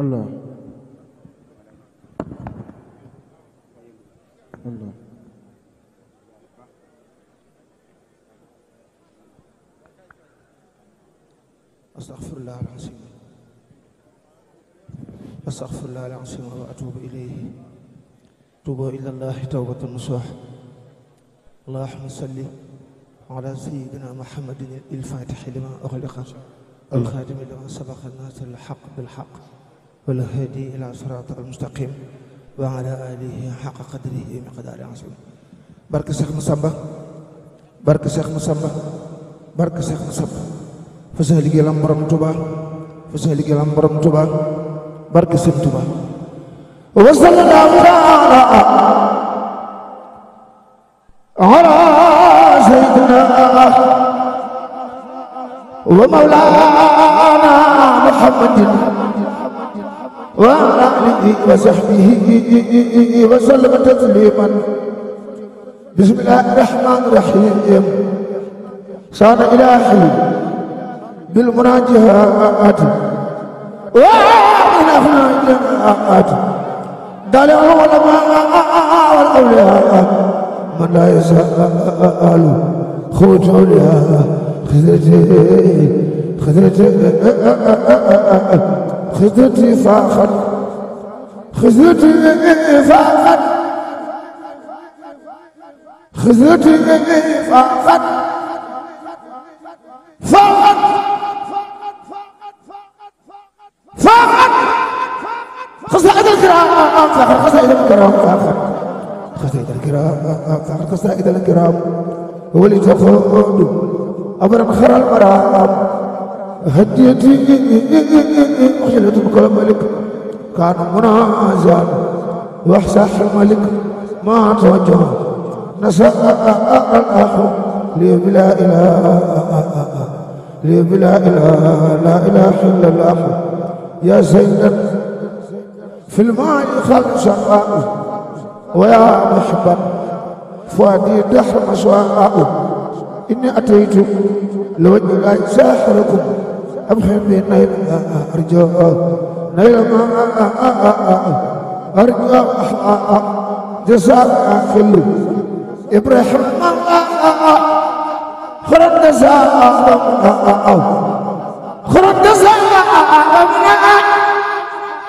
Allah Allah astaghfirullah al-azim astaghfirullah al-azim wa atubu ilayhi tubu ila Allah tawbatan nasuha Allahumma salli ala sayyidina Muhammadin al-fatih lima ughliqa al-khatim lima sabaqa an-nas al-haqq bil-haqq wal hadi ila siraat al mustaqim wa ala alihi xaqa qadrihi miqdaari asim barke Cheikh Massamba barke Cheikh Massamba barke Cheikh Massamba fa sa liggéeyal am borom Tuuba fa sa liggéeyal am borom Tuuba barke Sëñ Tuuba wa sallallahu ala sayyidina wa mawlana muhammadin وعلى آله وصحبه وسلم تسليما بسم الله الرحمن الرحيم سان إلهي بالمناجهات ومن أفناء الجماعات دار العلماء والأولياء من لا يسأل خوت أولياء خذرتي خذرتي خزوتي فاخر خزوتي فاخر خزوتي فاخر فاخر فاخر قصائد الكرام فاخر قصائد الكرام فاخر قصائد الكرام فاخر قصائد الكرام ولتخوض أمرا خر المرام هديتي أخشلة بكل ملك كان منازل واحسح الملك ما توجه نسى الأخ لي بلا إله لي بلا إله لا إله إلا الأخ يا سيدا في الماء خلص ويا محبا فؤادي دحر مسواء إني أتيت لوجه الله ساحركم أبخل بنيل أرجو نيل أرجو جزاء خلو إبراهيم خرج جزاء خرج جزاء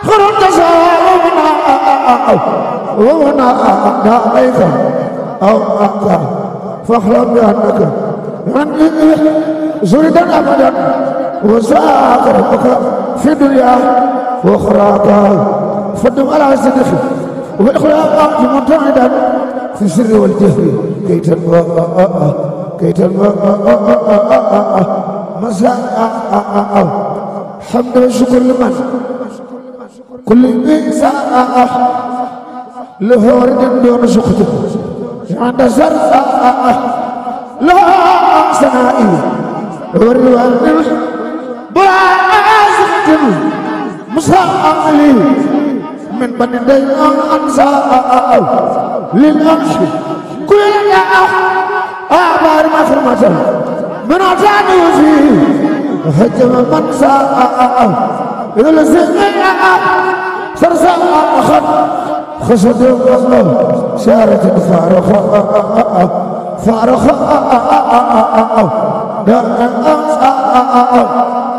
خرج جزاء ومنا دعيك أو أعطى فاحلم بأنك عندي زردا أبدا وساق ربك في الدنيا وأخراك فدم على صدقه والإخلاق أرجو متعدا في السر والجهر كي تنوى كي تنوى مساء حمد وشكر لمن كل إنسان له ورد دون سخطه عند سر لا سنائي والوالد وعزمتم مصالي من بني ديان أنصار للأمش كل أخ أعبار مصر مصر من أجان وزي هجم من ساء يلزق سرسا أخذ خسد الله شارة فارخة فارخة دار أنصار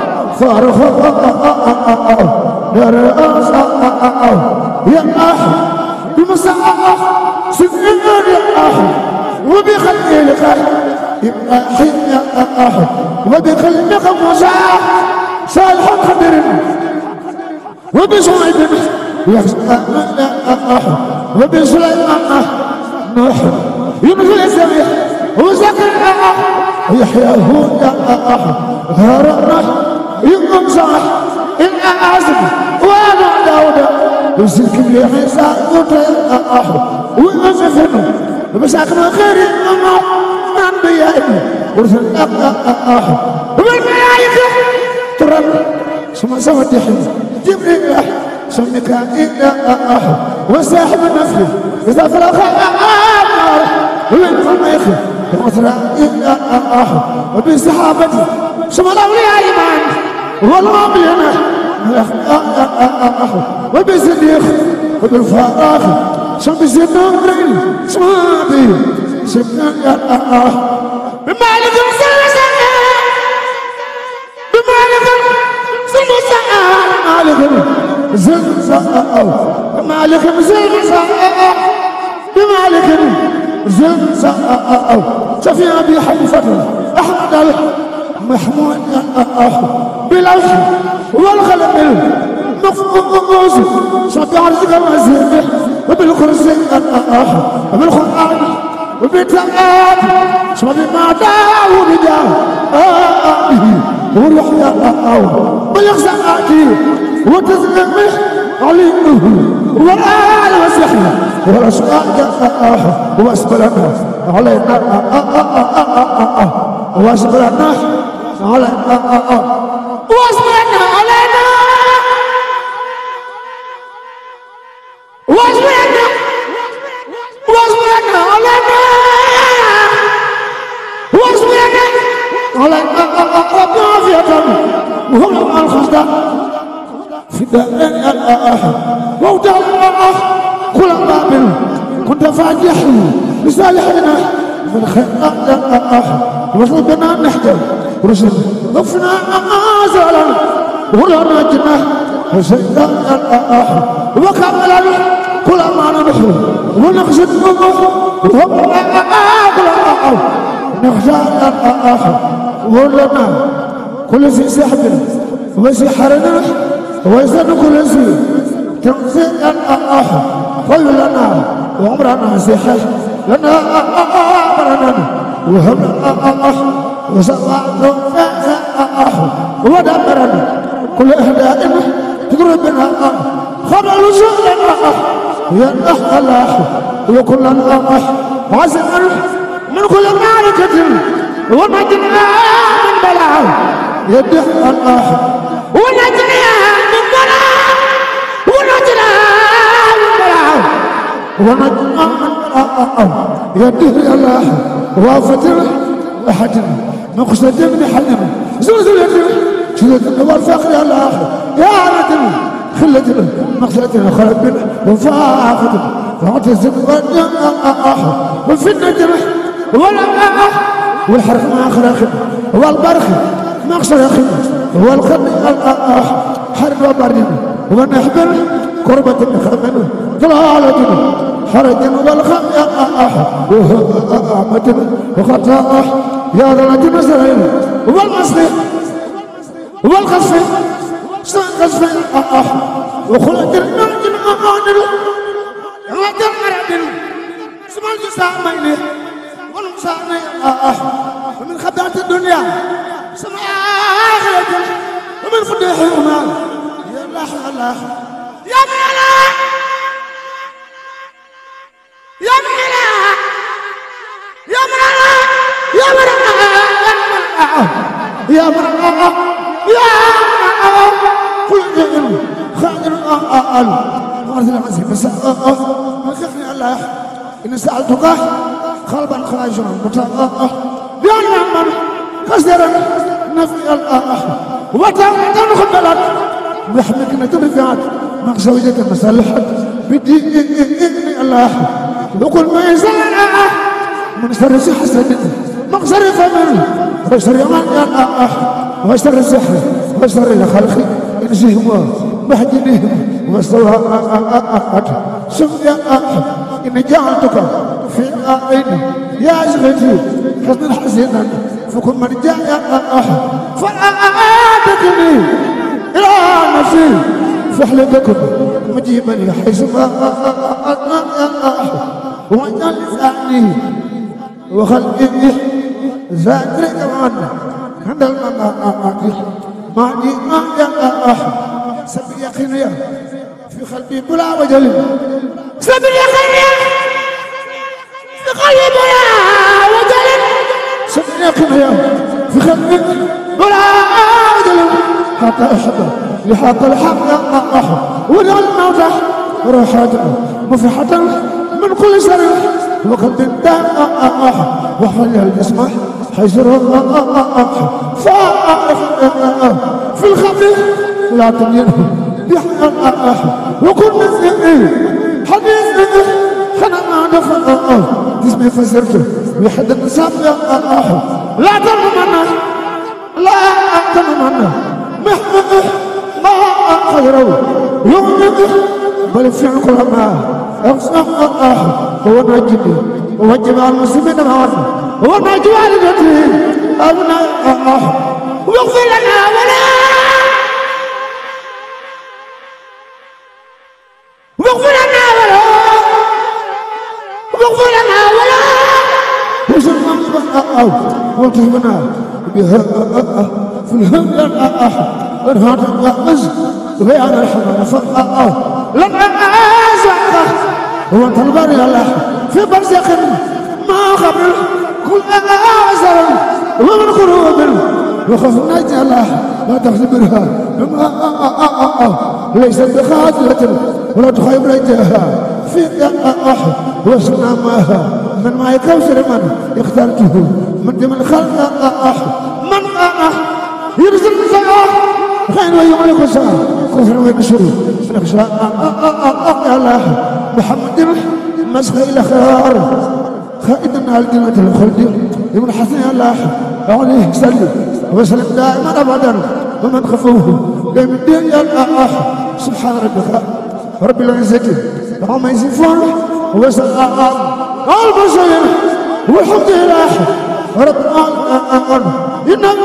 فرخ نرأس يا أحمد المساح سنين يا أحمد وبخلي الخير يبقى حين يا أحمد وبخليك مساح صالح قدر وبصعيد يخزن أحمد وبسليمان نوح يمثل الزمير وزكر أحمد يحيى هود أحمد هرب يقوم صاح الأعزم وأنا داود وزيك مليح يساق مطير أحو ويوسفنو بساق ما غير الأمر من بيائي ورسل أحو والملائكة ترى ثم سوت يحن جبريل أحو ثم ميكائيل أحو وساحب نفسه إذا فرغ أحو وينفر ما يخي ومثلا إلا أحو وبصحابتي ثم الأولياء إيمان ولو بينا وبزديخ وبالفراخ شمس زمان رجل سمادي سمنا بمالك سنة سنة بمالك سنة سنة مالك زن سنة بمالك زن سنة بمالك زن سنة شفيع أبي حنيفة أحمد محمود أحمد العرش والقلم مفقوس صدعتك وزيدك وبالكرسي الأخ وبالقرآن وبالتقات سبب ما داو رجال ويحيى الله بلغ ساعتي وتزلمه عليه وآل وسحنا ورسولك واسبرنا علينا واسبرنا علينا واصبرنا علينا واصبرنا واصبرنا علينا واصبرنا علينا عافية وهم الخصدة في دار الأخ موت الأخ كل باب كنت فاتح لصالحنا من خير أخ وصلنا نحتل رسل ضفنا أخ زالا ورانا جناح حسين الأح وكملا كل ما نمحو ونقصد نمحو وهم أغلى نخشى الأح ولنا كل شيء سحب وسحرنا وزن كل شيء تنزل الأح قل لنا وعمرنا سحر لنا أمرنا وهم الأح وسواء ودبرنا كل أهدائنا تقربنا خبر سؤالنا يا أخ الأخ وكل أخ وزن من كل معركة ومدنا من بلاء يدح الأخ ونجنا من بلاء ونجنا من بلاء ونجنا من بلاء يدح الأخ وافتر أحد مقصد بن حلم زلزلت شدة والفقر الآخر إعانة خلة مقصدة خلق وفاقة معتزم والآخر والفتنة والآخر والحرف مع خلاق والبرخ مقصد أخي والخد الآخر حرب وبرد ونحبل قربة خمن ضلالة حرج والخم يا أح وهو أعمة وخطاء يا ذا الجبس والقصد والقصد سنقصد وخلق النرج المعادل عاد المرعدل سمع الجساء ميني والمساء ومن خدعة الدنيا سمع آخرة ومن فضيح الأمان يا الله يا الله يا الله يا الله يا الله يا الله يا مرام يا كل يوم خير الأقل وارث العزيم مساء وكفني الله إن سألتك قلبا خاشعا متاء بأن من كسر نفي الآه وتنخ بلد بحمك نتبفعت مع زوجة مسلحة بدين الله وكل ما يزال من شر حسد مخزر فمن واشتر يمان كان أح واشتر السحر واشتر الخلق انسهم محجنهم واستوى أحد سمي أح إن جعلتك في الأعين يا شغتي حسنا حسنا فكن من جاء أح فأعادتني إلى نفسي فحلتكم مجيبا حيث ما أح ومن لساني وخلقي ذاكرك وانا عند المماقي معني ما يقع سب يقين في قلبي بلا وجل سب يقين في قلبي بلا وجل سب يقين في قلبي بلا وجل حتى أحبه لحط الحق أحب ولو الموت روح مفحة من كل شر وقد الدم أحب وحل الجسم حجر فاعرف في الخفي لا تنينه بحق وكل نزئي حديث خنا دفع جسمي فسرته بحد النساب لا تنمنا لا تنمنا محمد ما خيره يغنق بل في القرآن أغسق هو نجدي وجب على المسلمين معنا ونجو على الدين أبنا واغفر لنا ولا واغفر لنا ولا واغفر لنا ولا وسلمنا وطيبنا بها في الهم لن أحد أنهار الغمز بيان الحمد فأه لن أعزك وانت البري الله في برزخ ما قبل وأزر ومن غروب وخف نجلة لا تخزي منها ليس بخاطرة ولا تخيب رجاها في دقائق وسلامها من ما يكوثر من اخترته من دم الخلق من أح يرزق الزعاح خير ويملك وسعه كفر ويكسر فنخشى الله محمد مسخ الى خيار على كلمة الخلد لمن حسن الله عليه سلم وسلم دائما أبدا ومن خفوه قيم الدين يا الأح سبحان ربك رب العزة عما يصفون وسلام البشر والحمد لله رب العالمين إنك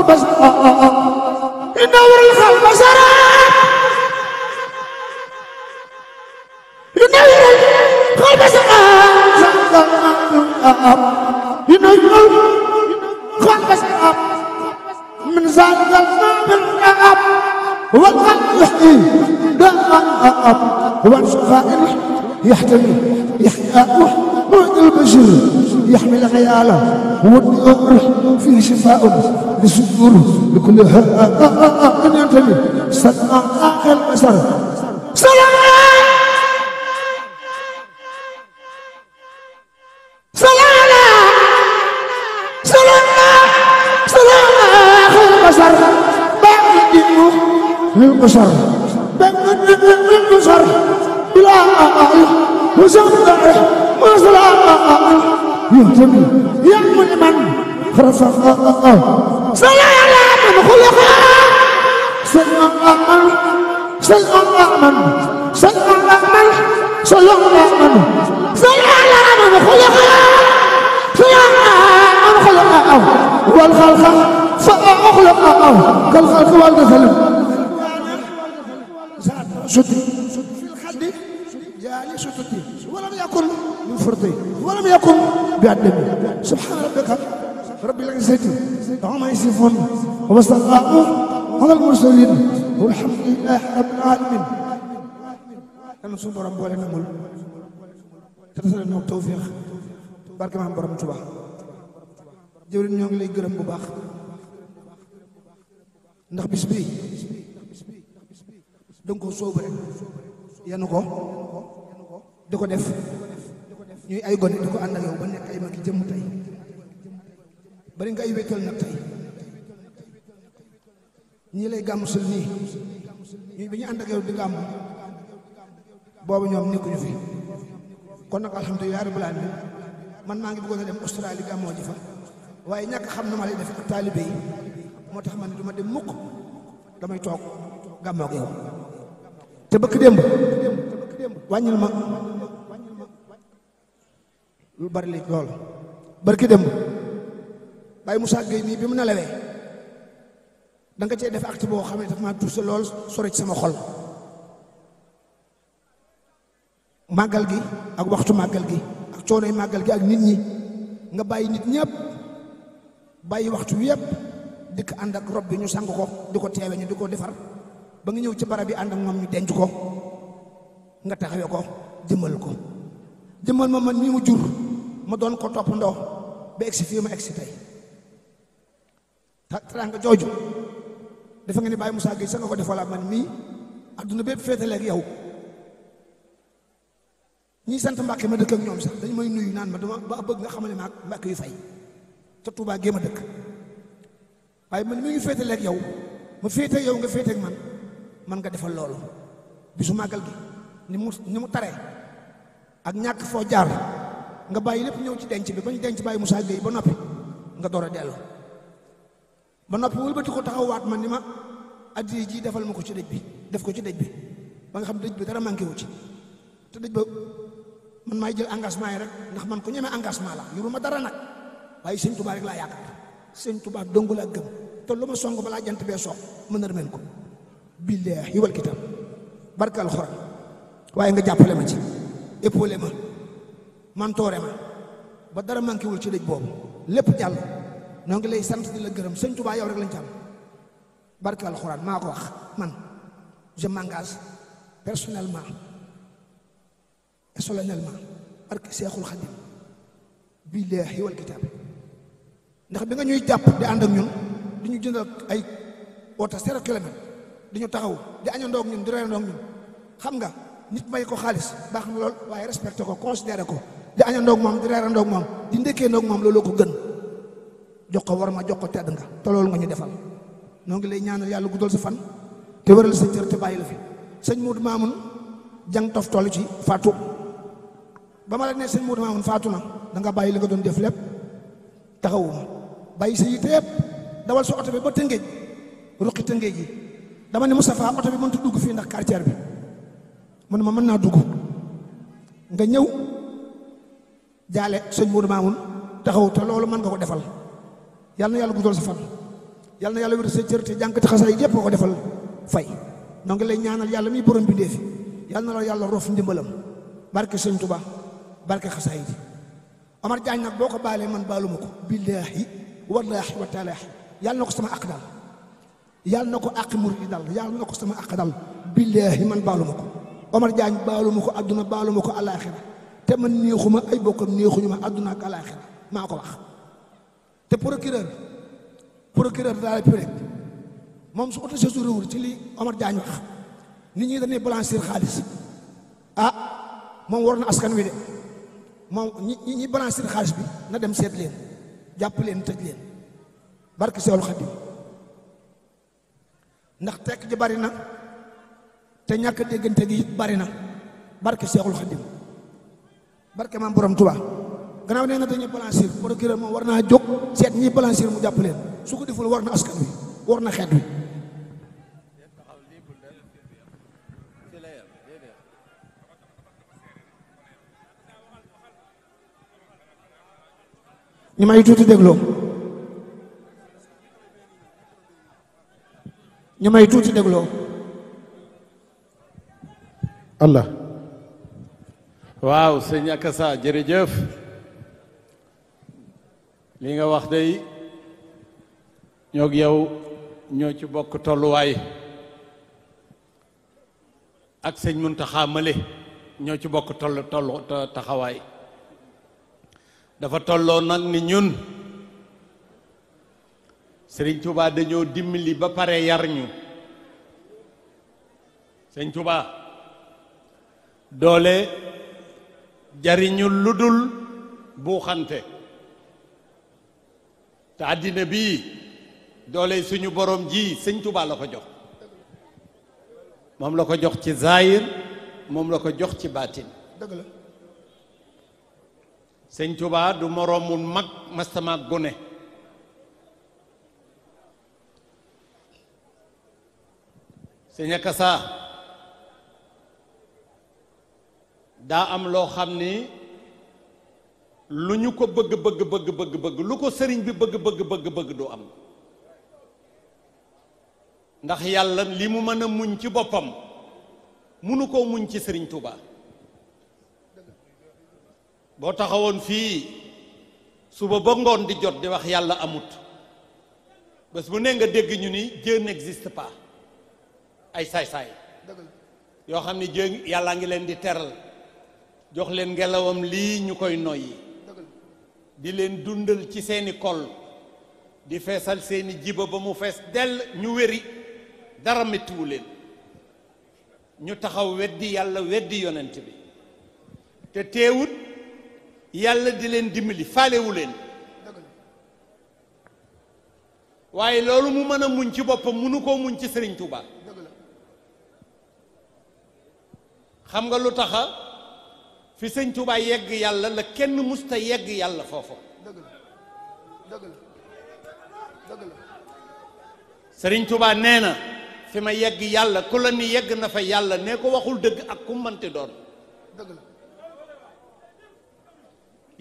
البصر ينور البصر ينور البصر ينور البصر من زاد القلب والقلب يحيي دم والشفاء يحتمي يحيى محمود البشير يحمل غياله هو النور فيه شفاء للصدور لكل أن ينتمي سلام آخر المسار سلام للبشر للبشر بلا وزن ما صلاح يهتدي ينمو من خرص صلى على من خلق سيئا أعمل سيئا أعمل سيئا أعمل صلى على من صلى على من خلق سيئا أعمل خلق والخلق فأخلق كالخلق والدخل سعد شدي يعني شتتي ولم يكن من فرطي ولم يكن بعدمي سبحان ربك رب العزة عما يصفون وصلى الله على المرسلين والحمد لله رب العالمين أنا سوى برام بوالي نمول ترسل النوم توفيق بارك ما برام تبا جورين ñoo ngi lay gërëm bu baax ndax bis bi danga ko sóobu rek yanu ko di ko def ñuy ay gone di ko ànd ak yow ba nekk ay mag jëmm tey bari nga ay wéetal nag tey ñii lay gàmm sul nii ñuy bi ñu ànd ak yow di gàmm boobu ñoom nekkuñu fi kon nag alhamdulilah rabbil alamin man maa ngi bëggoon a dem Australie gàmmoo ji fa waaye ñàkk xam na ma lay def ak taalibe yi moo tax ma ne duma ma dem mukk damay toog gàmmoo ak yow te bëkk démb wàññil ma lu bari li lool barki dem Baye Moussa Gueye mii bi mu nelawee da nga cee def acte boo xam ne daf maa tuuse lool sore ci sama xol màggal gi ak waxtu màggal gi ak coonoy màggal gi ak nit ñi nga bàyyi nit ñëpp bàyyi waxtu wi yëpp dikk ànd ak rob bi ñu sang ko di ko teewe ñu di ko defar ba nga ñëw ci barab bi ànd ak moom ñu denc ko nga taxawe ko jëmmal ko jëmmal ma nii mu jur ma doon ko toppandoo ba egsi fii ma egsi tey teraanga jooju defe nga ne Baye Moussa Gueye sa nga ko defal ak man mii adduna bépp féetale yow ñi sant Mbàkke ma dëkk ak ñoom sax dañ may nuyu naan ma dama ba bëgg nga xamale maak Mbàkke yu fay te Tuubaa gée ma dëkk waaye man mi ngi féetale ak yow ma féete yow nga féete man man nga defal loolu bisu màggal gi ni mu ni mu taree ak ñàkk foo jaar nga bàyyi lépp ñëw ci denc bi ba ñu denc bàyyi Moussa Gueye ba noppi nga door a delloo ba noppi wëlbati ko taxawaat ma ni ma addi ji defal ma ko ci dëj bi def ko ci dëj bi ba nga xam dëj bi dara manqué wu ci te dëj ba man maay jël engagement yi rek ndax man ku ñemee engagement la yoru ma dara nag waaye sëñ Tuubaa rek laa yaakaar sëñ Tuubaa dong laa gëm te lu ma song balaa jant bee soog mën a remeen ko billaahi wal kitaab barkal Alxuraan waaye nga jàppale ma ci épaulé ma man toore ma ba dara manqué wul ci dëj boobu lépp jàll noo ngi lay sant di la gërëm sëñ Tuubaa yow rek lañ ci am barke alxuraan maa ko wax man je m'engage personnellement et solennellement barke Seexul Xadim billaahi wal kitaab ndax bi nga ñuy jàpp di ànd ak ñun di ñu jënd ak ay oto zéro kilomètre di ñu taxaw di añandoog ñun di reyandoog ñun xam nga nit may ko xaalis baax na lool waaye respecté ko considéré ko di añandoog moom di reerandoog moom di ndékkee ndoog moom looloo ko gën jox ko war ma jox ko tedd nga te loolu nga ñu defal noo lay ñaanal yàlla guddal sa fan te wëral sa cër te bàyyi la fi sëñ Muudu Maamun jang tof toll ci faatu ba ma la ne sëñ Muudu Maamun faatu na danga bàyyi li nga doon def lépp taxawuma bàyyi sa yitte yëpp dawal sa oto bi ba tëngéej ruqi tëngéej yi dama ne Moustapha oto bi mënut a dugg fii ndax quartier bi mu ma mën naa dugg nga ñëw jaale sëñ Modou Mamoun taxaw te loolu man nga ko defal yal na yàlla guddal sa fan yal na yàlla wér sa cër te jànkati xasaay yépp nga ko defal fay noo ngi lay ñaanal yàlla mi borom bindee fi yal na la yàlla rof ndimbalam barke sëñ Touba barke xasaay ji Omar Diagne nag boo ko baalee man baaluma ko billaahi wallaahi wa taalaahi yal na ko sama àq daal yal na ko àq mur yi daal yal na ko sama àq daal billaahi man baaluma ko Omar Diagne baaluma ko adduna baaluma ko àllaaxira te man néexuma ay bokkam néexuñu ma àdduna ak alaaxira maa ko wax te procureur procureur de la république moom su autosaisir wul ci li Omar Diagne ni nit ñi dañuy blanchir ah moom war na askan wi de moom ñi ñi blanchir xaalis bi na dem seet leen jàpp leen tëj leen barki Seexul Xadiim ndax tekk ji bari na te ñàkk déggante gi it bari na barki Seexul Xadiim barke maam borom Touba gannaaw nee na dañuy blanchir procureur moom war naa jóg seet ñiy blanchir mu jàpp leen su ko deful war na askan wi war na xeet wi ñu may tuuti dégloo ñu may tuuti dégloo Allah waaw sëñ Akassa jërëjëf li nga wax day ñoog yow ñoo ci bokk tolluwaay ak sëñ Muntaxa Male ñoo ci bokk toll taxawaay dafa tolloo nag ni ñun sëriñ Tuubaa dañoo dimmili ba pare yar ñu sëñ Tuubaa doole jariñu lu dul buuxante te àddina bi doole suñu borom ji sëñ Tuubaa la ko jox moom la ko jox ci zaahir moom la ko jox ci baatin dëgg la sëñ Tuubaa du moroomu mag mastama gone sëñ Akasa daa am loo xam ni lu ñu ko bëgg bëgg bëgg bëgg lu ko sëriñ bi bëgg bëgg bëgg bëgg du am ndax yàlla li mu mën a muñ ci boppam munu koo muñ ci sëriñ Touba boo taxawoon fii suba ba ngoon di jot di wax yàlla amut bés bu nee nga dégg ñu ni Dieu n'existe pas ay saay-saay yoo xam ne Dieu yàllaa ngi leen di teral jox leen ngelawam lii ñu koy noyyi di leen dundal ci seeni kol di feesal seeni jiba ba mu fees dell ñu wéri dara mettiwu leen ñu taxaw weddi yàlla weddi yonent bi te teewut yàlla di leen dimbali faalewu leen waaye loolu mu mën a muñ ci boppam munu koo muñ ci Sëriñ Tuubaa xam nga lu taxa fi sëñ Touba yegg yàlla la kenn musta yegg yàlla foofu dëgg la dëgg la dëgg nee na fi ma yegg yàlla ku la ni yegg na fa yàlla ne ko waxul dëgg ak ku doon dëgg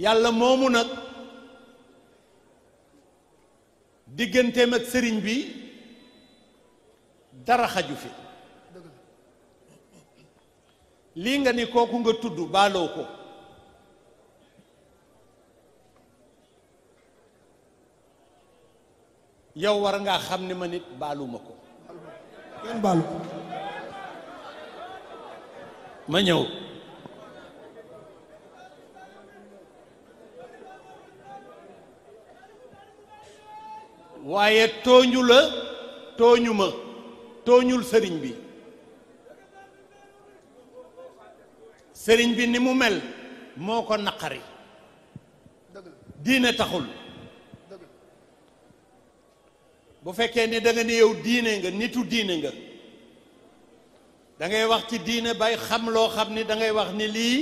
yàlla moomu nag digganteem ak sëriñ bi dara xaju fi lii nga ni kooku nga tudd baaloo ko yow war ngaa xam ni ma nit baaluma ko kenn baalu ma ñëw waaye tooñula tooñuma tooñul sëriñ bi sëriñ bi ni mu mel moo ko naqari diine taxul bu fekkee ni danga nga yow diine nga nitu diine nga dangay wax ci diine bay xam loo xam ni dangay wax ni lii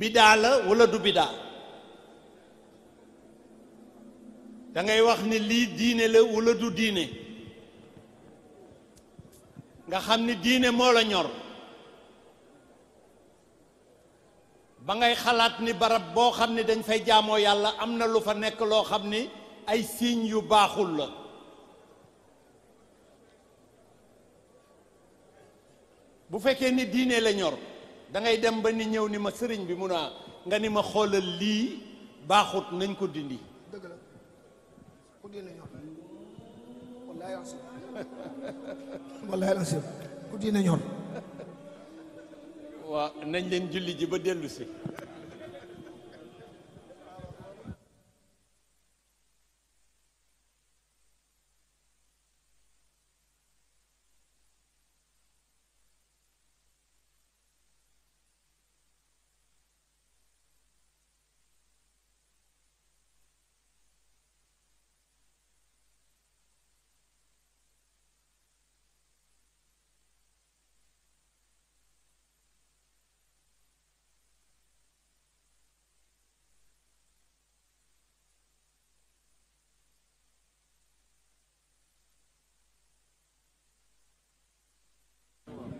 bidaa la walla du bidaa dangay wax ni lii diine la walla du diine nga xam ni diine moo la ñor ba ngay xalaat ni barab boo xam ni dañ fay jaamoo yàlla am na lu fa nekk loo xam ni ay signe yu baaxul la bu fekkee ni diine la ñor da dem ba ni ñëw ni ma sëriñ bi mun a nga ni ma xoolal lii baaxut nañ ko dindi dëgg la ku diine ku diine ñor waaw nañ leen julli ji ba dellu si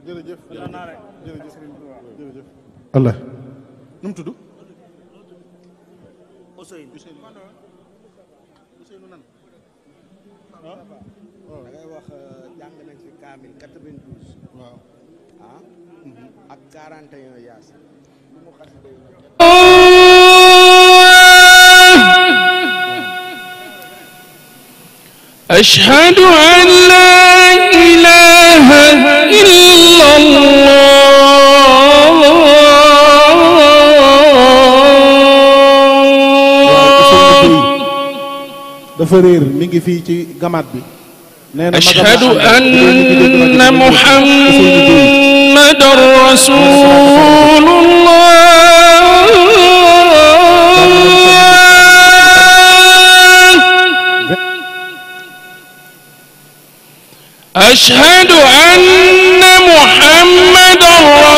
jërëjëf jërëjëf jërëjëf. Allah nu mu tudd. Ousseynou Ousseynou nan. Ah? Oh. da ngay wax euh, jàng nañ fi kaamil 92. waaw ah. Mhm. ak 41 yaas. أشهد أن لا إله إلا dafa réer mi ngi fii ci gamaat bi nee na ashhadu anna muhammadan rasulullah ashhadu anna محمد الله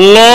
Allah